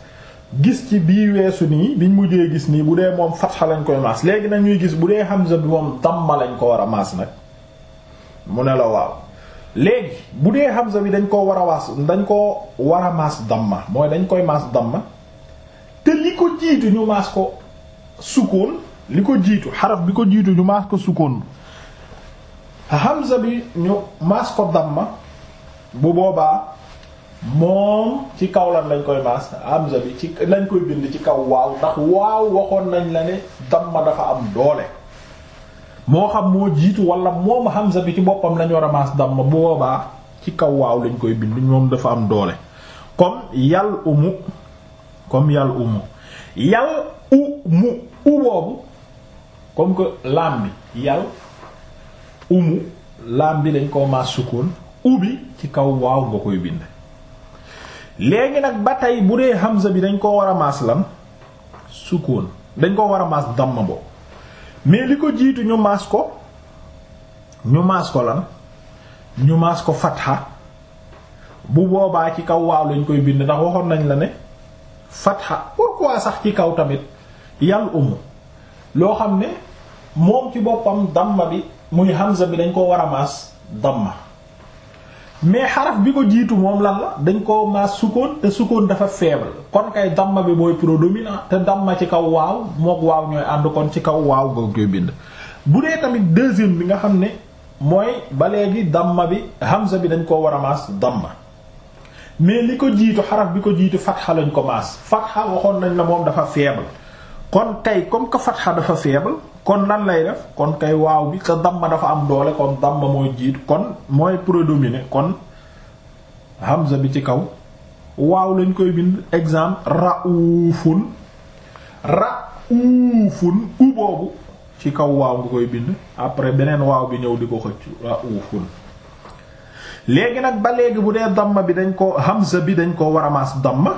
gis ci bii weesu nii biñ mujjee gis nii bu dee moom fatxa lañ koy maas léegi nag ñuy gis bu dee hamza bi moom damma lañ ko war a maas nag mu ne la waaw léegi bu dee hamza bi dañ koo war a waas dañ koo war a maas damma mooy dañ koy maas damma te li ko jiitu ñu maas ko sukkoon li ko jiitu xaraf bi ko jiitu ñu maas ko sukkoon hamza bi ñu maas ko damma bu boobaa moom ci kaw lan lañ koy maas hamza bi ci lañ koy bind ci kaw waaw ndax waaw waxoon nañ la ne damma dafa am doole moo xam moo jiitu walla moom Hamza bi ci boppam lañ war a maas damma boobaa ci kaw waaw lañ koy bind moom dafa am doole comme yàlla umu comme yal umu yal comme que laam bi yal umu bi lañ koo maas sukkoon ubi ci kaw waaw nga koy bind léegi nag ba tey bu dee xamsa bi dañ koo war a maas lan sukkoon dañ koo war a maas damma boobu mais li ko jiitu ñu maas ko ñu maas ko lan ñu maas ko fatxa bu boobaa ci kaw waaw lañ koy bind ndax waxoon nañ la ne fatxa pourquoi sax ci kaw tamit yàll umu loo xam ne moom ci boppam damma bi muy hamza bi dañ koo war a maas damma mais xaraf bi ko jiitu moom lan la dañ koo maas sukkoon te sukkoon dafa faible kon kay damma bi mooy prédominant te damma ci kaw waaw mook waaw ñooy ànd kon ci kaw waaw nga koy bind bu dee tamit deuxième bi nga xam ne mooy ba léegi damma bi hamza bi dañ koo war a maas damma mais li ko jiitu xaraf bi ko jiitu fatxa lañ ko maas fatxa waxoon nañ la moom dafa faible kon kay comme que fatxa dafa faible kon lan lay def kon kay waaw bi te damma dafa am doole kon damma mooy jiit kon mooy prédominé kon hamza bi ci kaw waaw lañ koy bind exemple ra'ufun ra'ufun u boobu ci kaw waaw nga koy bind après beneen waaw bi ñëw di ko xëcc ra'ufun léegi nag ba léegi bu dee damma bi dañ ko hamza bi dañ ko war a maas damma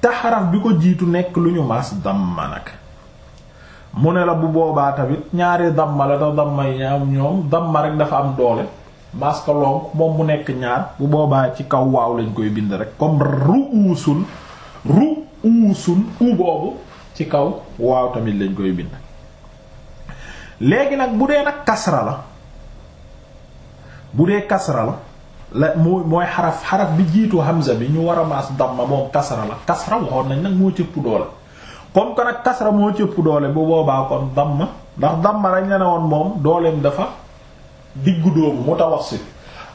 taxaraf bi ko jiitu nekk lu ñu maas damma nag mu ne la bu boobaa tamit ñaari damma la da damma yi ñaam ñoom damma rek dafa am doole parce que lonk moom mu nekk ñaar bu boobaa ci kaw waaw lañ koy bind rek comme ru'usun ru'usun u boobu ci kaw waaw tamit lañ koy bind léegi nag bu dee nag kasra la bu dee kasra la la mooy mooy xaraf xaraf bi jiitu hamza bi ñu war a maas damma moom kasra la kasra waxoon nañ nag moo cëpp doole comme que nag kasra moo ci ëpp doole bu boobaa kon damma ndax damma dañ la ne woon moom dooleem dafa diggu dóomu si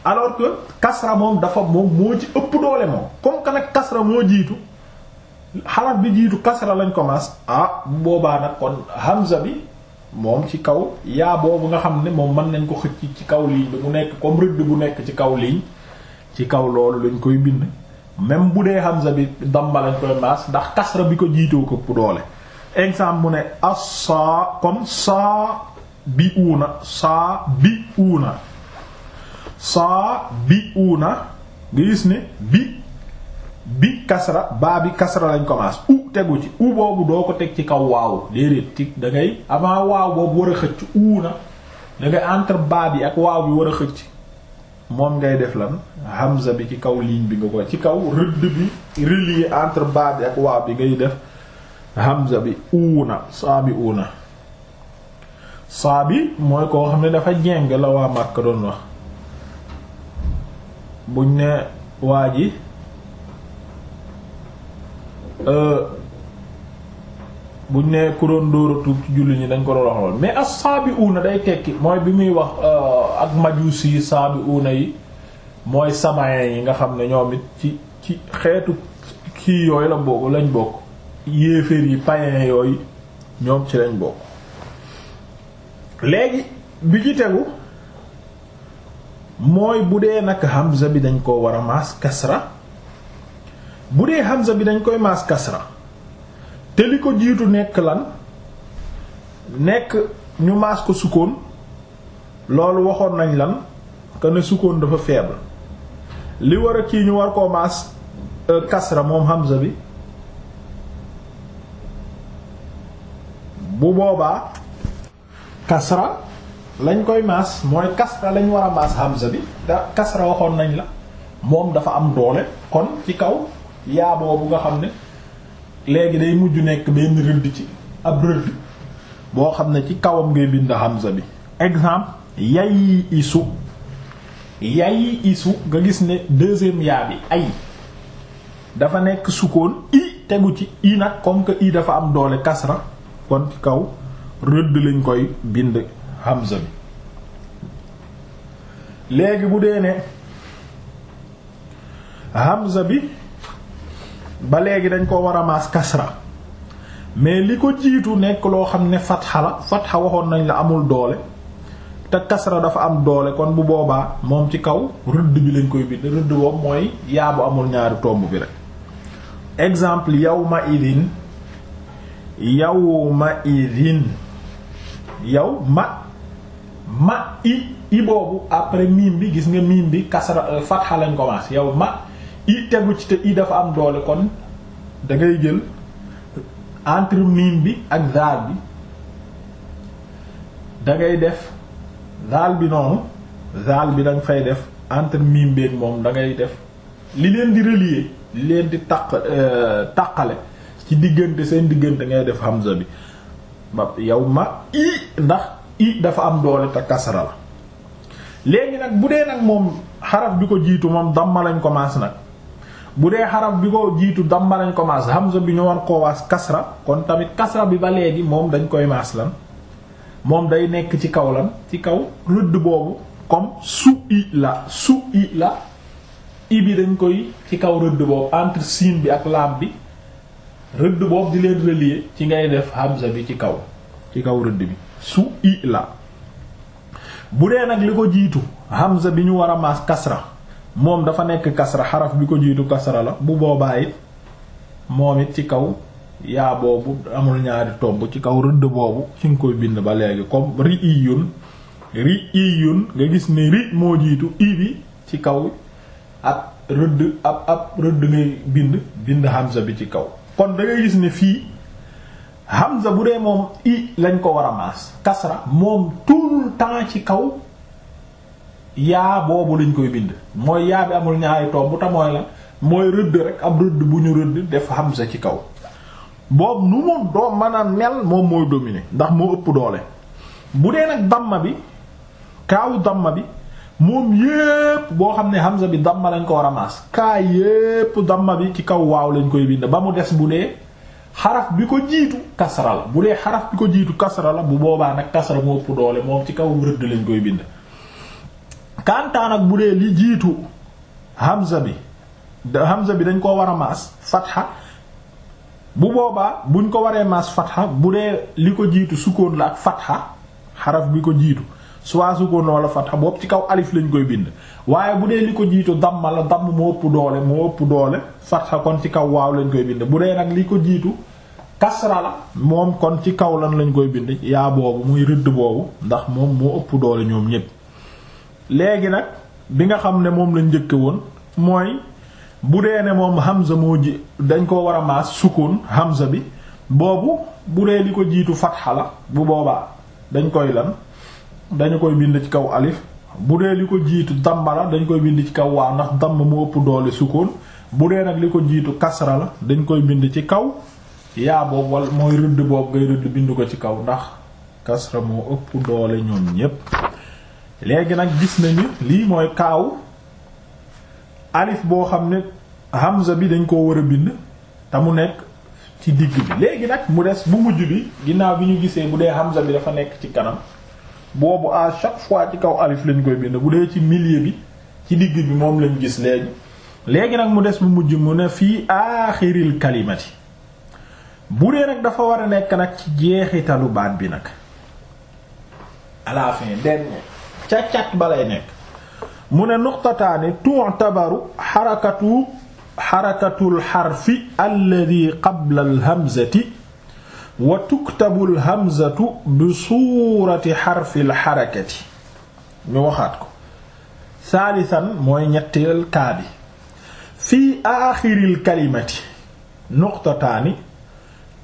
alors que kasra moom dafa moom moo ci ëpp doole moom comme nag kasra moo jiitu xaraf bi jiitu kasra lañ commencé ah boobaa nag kon hamza moom ci kaw yaa boobu nga xam ne moom mën nañ ko xëcc ci kaw ligne bi mu nekk comme rëdd bu nekk ci kaw ligne ci kaw loolu lañ koy bind même bu dee hamza bi damma lañ koy maas ndax kasra bi ko jiitoo këpp doole exemple mu ne as-saa comme saa bi uuna saa bi uuna saa bi uuna nga gis ne bi bi kasra baa bi kasra lañ ko maas u tegu ci u boobu doo ko teg ci kaw waaw déedéet tig da ngay avant waaw boobu war xëcc uuna da ngay entre baa bi ak waaw bi war a xëcc moom ngay def lan hamza bi ci kaw ligne bi nga koy ci kaw rëdd bi relier entre ba bi ak waa bi ngay def hamza bi uuna saa bi uuna saa bi mooy koo xam ne dafa jeng la waa Makka doon wax buñ ne waa ji euh, buñ ne ku doon dóor a ci julli ñi dañ ko doon wax mais as saabiuuna day tekki mooy bi muy wax euh, ak majuusi saabiuuna yi mooy samayen yi nga xam ne ñoom it ci ci xeetu kii yooyu la bokk lañ bokk yéeféer yi payen yooyu ñoom ci lañ bokk léegi bi ci tegu mooy bu dee nag xamsa bi dañ ko war a maas kasra bu dee hamza bi dañ koy maas kasra te li ko jiitu nekk lan nekk ñu maas ko sukkoon loolu waxoon nañ lan que ne sukkoon dafa faible li war a kii ñu war koo maas euh, kasra moom Hamza bi bu boobaa kasra lañ koy maas mooy kasra lañ war a maas Hamza bi da kasra waxoon nañ la moom dafa am doole kon ci kaw yaaboo bu nga xam ne léegi day mujj nekk benn rëdd ci ab rëdd boo xam ne ci kawam ngay bind hamza bi exemple yay isu yay isu nga gis ne deuxième yaa bi ay dafa nekk sukkoon i tegu ci i nag comme que i dafa am doole kasra kon ci kaw rëdd lañ koy bind hamza bi léegi bu dee ne hamza bi ba léegi dañ ko war a maas kasra mais li ko jiitu nekk loo xam ne fatxa la fatxa waxoon nañ la amul doole te kasra dafa am doole kon bu boobaa moom ci kaw rëdd bi lañ koy bind rëdd boobu mooy yaabu amul ñaari tomb bi rek exemple yawma idin yawma idin yow ma ma i i boobu après miim bi gis nga miim bi kasra euh, fatxa lañ ko maas yow ma i tegu ci te i dafa am doole kon da ngay jël entre miim bi ak daal bi da ngay def daal bi noonu daal bi danga nga fay def entre miim beeg moom dangay def li leen di relier li leen di taq euh, taqale ci diggante seen diggante ngay def hamza bi ba yow ma i ndax i dafa am doole te kasra la léegi nag bu dee nag moom xaraf bi ko jiitu moom damma lañ commencé nag bu dee xarab bi ko jiitu damma lañ ko maas hamza bi ñu war koo waas kasra kon tamit kasra bi ba léegi moom dañ koy maas lan moom day nekk ci kaw lan ci kaw rëdd boobu comme su i la su i la i bi dañ koy ci kaw rëdd boobu entre bi ak laam bi rëdd boobu di leen relier ci ngay def hamza bi ci kaw ci kaw rëdd bi su i la bu dee nag li ko jiitu hamza bi ñu war a maas kasra moom dafa nekk kasra xaraf bi ko jiitu kasra la bu boobaay moom it ci kaw yaa boobu amul ñaari tomb ci kaw rëdd boobu ci nga koy bind ba léegi comme ri iyun ri iyun nga gis ni ri moo jiitu i bi ci kaw ak rëdd ab ab rëdd ngay bind bind hamza bi ci kaw kon da gis ni fii hamza bu dee moom i lañ ko war a maas kasra moom tout le ci kaw yaa boobu lañ koy bind mooy yaa bi amul ñaari tomb bu mooy la mooy rëdd rek ab rëdd bu ñu rëdd def hamza ci kaw boobu nu mu doo mën a mel moom mooy dominer ndax moo ëpp doole bu dee nag damma bi kaawu dama bi moom yépp boo xam ne hamza bi damma lañ ko war a maas kaa yépp damma bi ci kaw waaw lañ koy bind ba mu des bu dee xaraf bi ko jiitu kasra la bu dee xaraf bi ko jiitu kasra la bu boobaa nag kasra moo ëpp doole moom ci kaw rëdd lañ koy bind kantaan ak bu dee li jiitu hamza bi hamza bi dañ koo war a maas fatha bu boobaa buñ ko waree maas fatha bu dee li ko jiitu sukkoon la ak fatha xaraf bi ko jiitu soit sukkoon la wala boobu ci kaw alif lañ koy bind waaye bu dee li ko jiitu damma la damm moo ëpp doole moo ëpp doole fatha kon ci kaw waaw lañ koy bind bu dee nag li ko jiitu kasra la moom kon ci kaw lan lañ koy bind yaa boobu muy rëdd boobu ndax moom moo ëpp doole ñoom ñépp léegi nag bi nga xam ne moom lañ njëkke woon mooy bu dee ne moom Hamza moo ji dañ koo war a maas sukun Hamza bi boobu bu dee li ko jiitu fatxa la bu boobaa dañ koy lan dañu koy bind ci kaw alif bu dee li ko jiitu damma dañ koy bind ci kaw waaw ndax damm mu ëpp doole sukun bu dee nag li ko jiitu kasra la dañ koy bind ci kaw yaa boobu wala mooy rëdd boobu ngay rëdd bind ko ci kaw ndax kasra moo ëpp doole ñoom ñépp léegi nag gis nañu lii mooy kaaw alif boo xam ne hamza bi dañ koo war a bind te mu nekk ci digg bi léegi nag mu des bu mujj bi ginnaaw bi ñu gisee bu dee hamza bi dafa nekk ci kanam boobu à chaque fois ci kaw alif lañ koy bind bu dee ci milieu bi ci digg bi moom lañ gis léegi léegi nag mu des bu mujj mu ne fii aaxiril kalimati bu dee nag dafa war a nekk nag ci jeexitalu baat bi nag à la fin dernier ca cat ba lay nekk mu ne nuqtataani tu'tabaru xarakatu xarakatul xarfi alladi qabla alhamzati wa tuktabu alhamzatu bi suurati xarfil xarakati ñu waxaat ko saalisan mooy ñetteel kaa bi fii aaxiril kalimati nuqtataani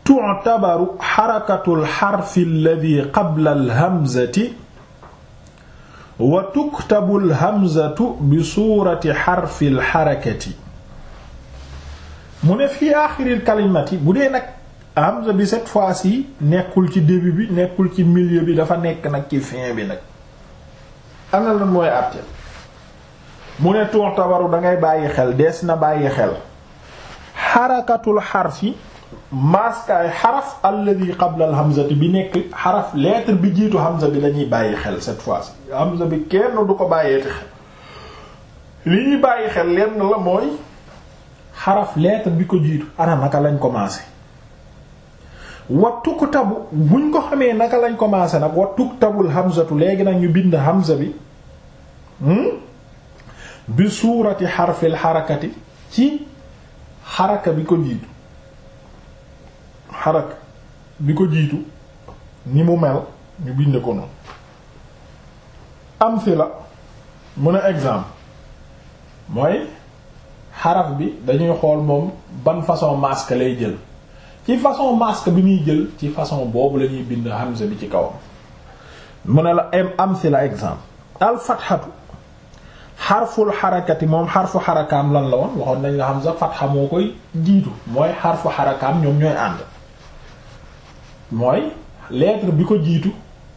tu'tabaru xarakatul xarfi alladi qabla alhamzati wa tuktabu alhamzatu bi suurati xarfi alxarakati mu ne fii aaxiril kalimati bu dee nag hamza bi cette fois yi nekkul ci début bi nekkul ci milieu bi dafa nekk nag ci fin bi nag ana lan mooy àtte mu ne tuutabaru dangay bàyyi xel dees na bàyyi xel xarakatul xarfi maskaay xaraf alladi qabla al hamzati bi nekk xaraf lettre bi jiitu hamza bi lañuy bàyyi xel cette fois-ci hamza bi kenn du ko bàyyeeti xel li ñuy bàyyi xel lenn la mooy xaraf lettre bi ko jiitu ana naka lañ commencé wattu tabu buñ ko xamee naka lañ commencé nag wattu tabul hamzatu léegi nag ñu bind hamza bi hmm? bi suurati xarfil xarakati ci xaraka bi ko jiitu xarak bi ko jiitu ni mu mel ñu bind ko noonu am si la mun a exemple mooy xaraf bi dañuy xool moom ban façon masque lay jël ci façon masque bi ñuy jël ci façon boobu la ñuy bind hamza bi ci kawam mu ne la am si la exemple alfatxatu xarful xarakati moom xarfu xarakaam lan la woon waxoon nañ la hamza fatxa moo koy jiitu mooy xarfu xarakaam ñoom ñooy ànd mooy lettre bi ko jiitu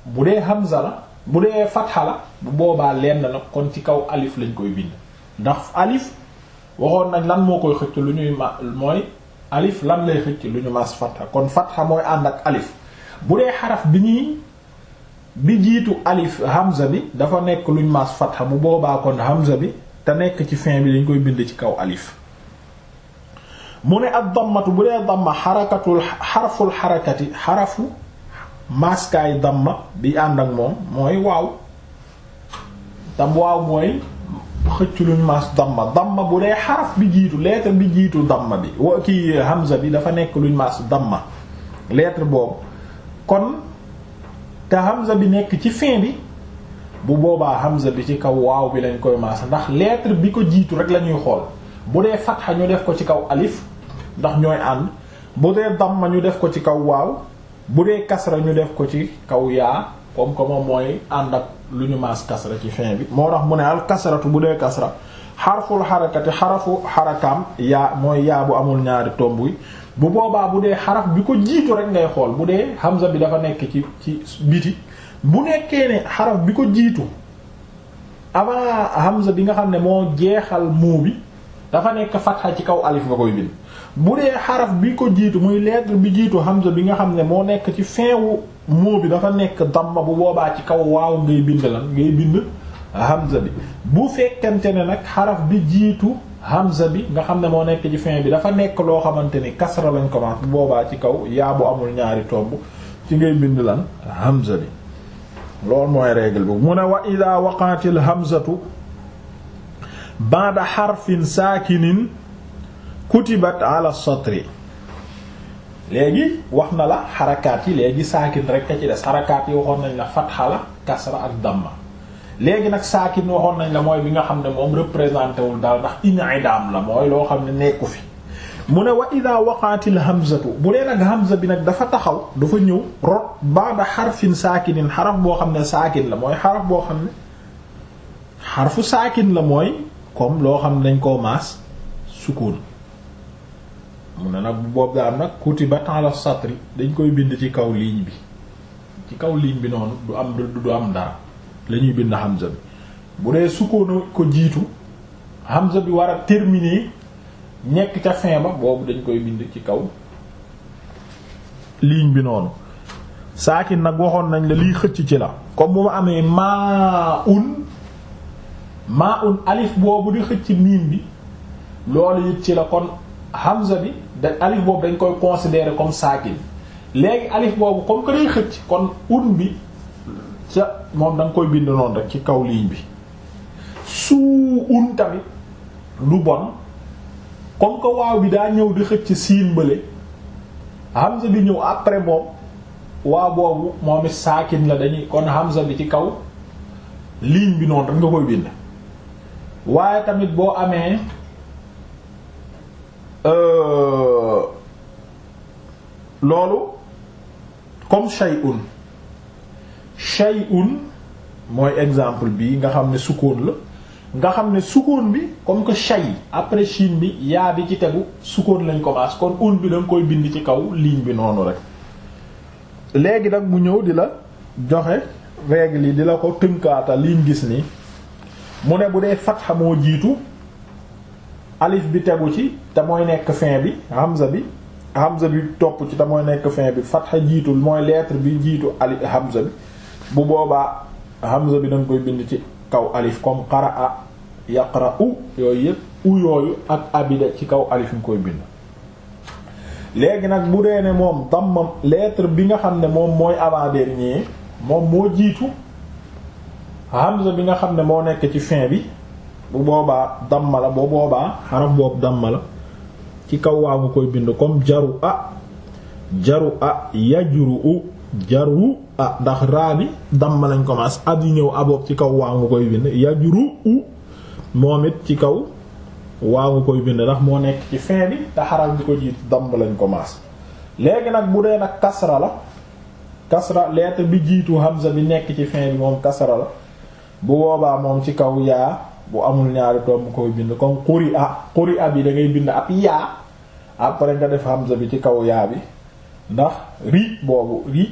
bu dee hamza la bu dee fatha la bu boobaa lenn la kon ci kaw alif lañ koy bind ndax alif waxoon nañ lan moo koy xëcc lu ñuy ma mooy alif lan lay xëcc lu ñu mas fatha kon fatha mooy ànd ak alif bu dee xaraf bi ñuy bi jiitu alif hamza bi dafa nekk luñ mas fatha bu boobaa kon hamza bi te nekk ci fin bi lañ koy bind ci kaw alif mu ne ak dammatu bu dee damma xarakatul xaraful xarakati xarafu maskaay damma bi ànd ak moom mooy waaw tam waaw mooy xëcc luñ mas damma damma bu dee xaraf bi jiitu lettre bi jiitu damma bi wa ki hamza bi dafa nekk luñ mas dama lettre boobu kon te hamza bi nekk ci fin bi bu boobaa hamza bi ci kaw waaw bi lañ koy mas ndax lettre bi ko jiitu rek la xool bu dee fatxa ñu def ko ci kaw alif ndax ñooy ànd bu dee damma ñu def ko ci kaw waaw bu dee kasra ñu def ko ci kaw yaa kom kom moom mooy ànd ak lu ñu maas kasra ci fin bi moo tax mu ne al kasratu bu dee kasra xarful xarakati xarafu xarakaam yaa mooy yaa bu amul ñaari tomb yi bu boobaa bu dee xaraf bi ko jiitu rek ngay xool bu dee hamza bi dafa nekk ci ci biti bu nekkee ne xaraf bi ko jiitu avant hamza bi nga xam ne moo jeexal muu bi dafa nekk fatxa ci kaw alif nga koy bind bu dee xaraf bi ko jiitu muy lettre bi jiitu hamza bi nga xam ne moo nekk ci fin wu moo bi dafa nekk damma bu boobaa ci kaw waaw ngay bind lan ngay bind hamza bi bu fekkente ne nag xaraf bi jiitu hamza bi nga xam ne moo nekk ci fin bi dafa nekk loo xamante ni kasra lañ commence bu boobaa ci kaw yaa bu amul ñaari tomb ci ngay bind lan hamza bi loolu mooy règle bi mu ne wa ida waqatil hamzatu ba'da harfin saakinin kutibat ala satri léegi wax na la xarakaat yi léegi saakin rek a ci des xarakaat yi waxoon nañ la fatxa la kasra ak damma léegi nag saakin waxoon nañ la mooy bi nga xam ne moom représenté wul daal ndax am la mooy loo xam ne nekku fi mu ne wa ida waqaatil hamzatu bu leen ak hamza bi nag dafa taxaw dafa ñëw rot ba'da xarfin saakinin xaraf boo xam ne saakin la mooy xaraf boo xam ne xarfu saakin la mooy comme loo xam ne dañ koo maas sukun mu ne nag bu boobu daa am nag kutibat ala satri dañ koy bind ci kaw ligne bi ci kaw ligne bi noonu du am du am dara la bind hamza bi bu dee sukkoona ko jiitu hamza bi war a terminer nekk ca fin ba boobu dañ koy bind ci kaw ligne bi noonu saakin nag waxoon nañ la liy xëcc ci la comme bu ma amee maa un maa un alif boobu di xëcc miim bi loolu it ci la kon hamza bi da alif boobu dañ koy considérer comme saakin léegi alif boobu comme que day xëcc kon un bi ca moom da nga koy bind noonu rek ci kaw ligne bi suu un tamit du bon comme que waaw bi daa ñëw di xëcc siin bële hamza bi ñëw après moom waa boobu moom it saakin la dañuy kon hamza bi ci kaw ligne bi noonu rek koy bind waaye tamit boo amee Euh, loolu comme shay'un shay'un mooy exemple bi nga xam ne sukkoon la nga xam ne sukkoon bi comme que shay après chine bi yaa bi ci tegu sukkoon lañ commence kon un bi da koy bind ci kaw ligne bi noonu rek léegi nag mu ñëw di la joxe règle yi di la ko tënkaata liñ gis ni mu ne bu dee fatxa moo jiitu alif bi tegu ci te mooy nekk fin bi hamza bi hamza bi topp ci te mooy nekk fin bi fatha jiitul mooy lettre bi jiitu ali hamza bi bu boobaa hamza bi da koy bind ci kaw alif comme qaraa yaqra'u yooyu u yooyu ak abida ci kaw alif nga koy bind léegi nag bu dee ne moom dammam lettre bi nga xam ne moom mooy avant-dernier moom moo jiitu hamza bi nga xam ne moo nekk ci fin bi bu boobaa damma la bu boobaa xaraf boobu damma la ci kaw waa nga koy bind comme jaru a jaru a yajuru u jaru a ndax raa bi damma lañ commence ab yi ñëw aboob ci kaw waa nga koy bind yajuru u moom it ci kaw waa nga koy bind ndax moo nekk ci fin bi te xaraf bi ko jiit damma lañ commence léegi nag bu dee nag kasra la kasra lettre bi jiitu hamza bi nekk ci fin bi moom kasra la bu boobaa moom ci kaw yaa bu amul ñaari tomb koy bind comme xuri a xuri a yi da ngay bind ab yaa après nga def hamza bi ci kaw yaa bi ndax ri boobu ri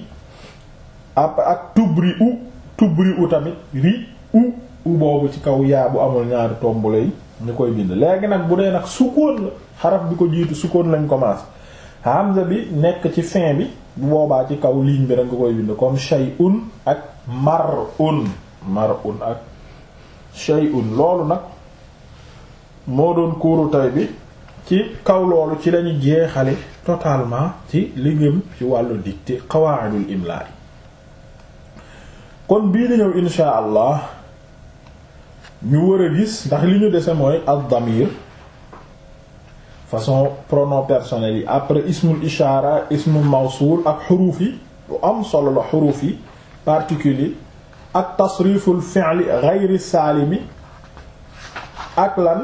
ab ak tubri u tubri u tamit ri u boobu ci kaw yaa bu amul ñaari tomb lay ñu koy bind léegi nag bu dee nag sukkoon la xaraf bi ko jiitu sukkoon lañ commencé hamza bi nekk ci fin bi bu boobaa ci kaw ligne bi da nga koy bind comme shay'un ak mar mar'un ak shay'un loolu nag moo doon kuuru tay bi ci kaw loolu ci lañu jeexale totalement ci liggim ci wàllu dictée qawaidul imla kon bii ñëw insha allah ñu war a gis ndax li ñu dese mooy ad-damir façon pronom personnel yi après ismul ishara ismul mawsul ak xuruuf yi lu am solo la xuruuf yi particulier ak tasriful fi'li ghayri saalimi ak lan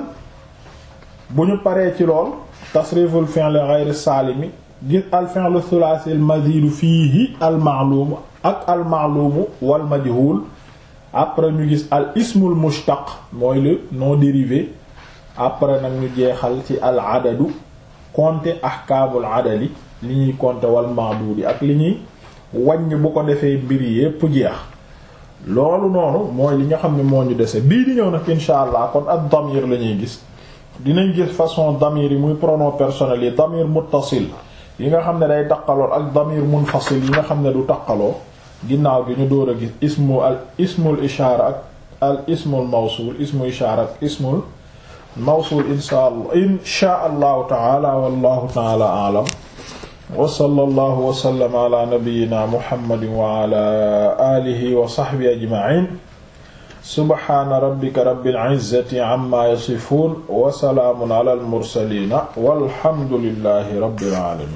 bu ñu paree ci lool tasriful fi'li ghayri saalimi gis al fi'lu thulathi al mazidu fiihi al ma'lum ak al ma'lum wal majhul après ñu gis al ismul mushtaq mooy le nom dérivé après nag ñu jeexal ci al adadu compter ahkaamul adali li ñuy compter wal ma'dudi ak li ñuy wàññ bu ko defee mbir yépp jeex loolu noonu mooy li nga xam ne moo ñu dese bii di ñëw nag insha allah kon ak damir la ñuy gis dinañ gis façon damir yi muy pronom personnel yi damir muttasil yi nga xam ne day taqaloo ak damir munfasil yi nga xam ne du taqaloo ginnaaw gi ñu door a gis ismu al ismul ishaara ak al ismul mawsul ismu ishaara ak ismul mawsul insha allah insha allahu taala wallahu taala alam wa sallallahu wa sallama ala nabiyyina muhammadin wa ala alihi wa sahbihi ajma'in subhaana rabbika rabbil izzati amma yasifun wa salaamun ala al mursalina walhamdulillahi rabbil alamin